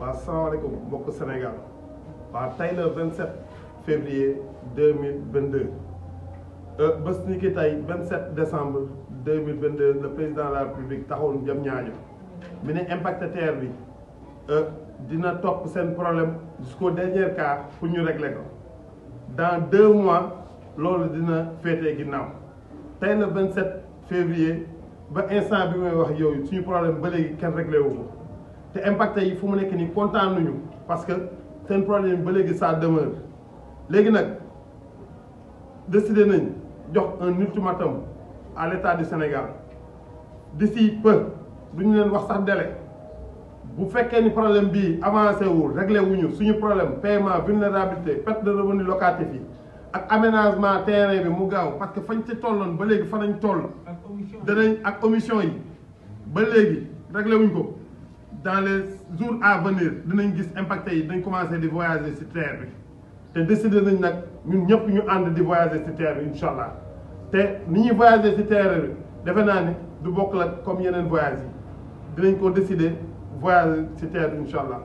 waa salaamaaleykum mbokk Sénégal waa tey le 27 février 2022 euh, bés ni ki tey 27 décembre deux mille 2022 le président de la république taxawoon jëm ñaajo mi ne impact terre bi euh, dina topp seen problème su ko dernier cas fu ñu régler ko dans deux mois loolu dina féetee ginnaaw tey le set février ba instant bi may wax yooyu suñu problème ba léegi kenn réglé wu ko te impacte yi fu mu nekk nii kontaan nañu parce que seen problème ba léegi ça demeure léegi nag décidé nañ jox un ultimatum à l'état du Sénégal d'ici peu duñu leen wax sax délai bu fekkee ni problème bi avancé wul réglé wuñu suñu problème paiement vulnérabilité perte de revenu locatif yi ak aménagement terrain bi mu gaaw parce que fañ ci tolloon ba léegi fa nañ toll danañ ak commission yi ba léegi réglé wuñ ko dans les jours à venir dinañ gis impacté yi dañ commencé di voyager ci terre bi te décidé nañ nag ñun ñëpp ñu ànd di voyager ci terre bi incha te ni ñuy voyager ci terre bi defe naa ni du bokk la comme yeneen voyage yi dinañ koo décider voyager ci terre bi incha allah.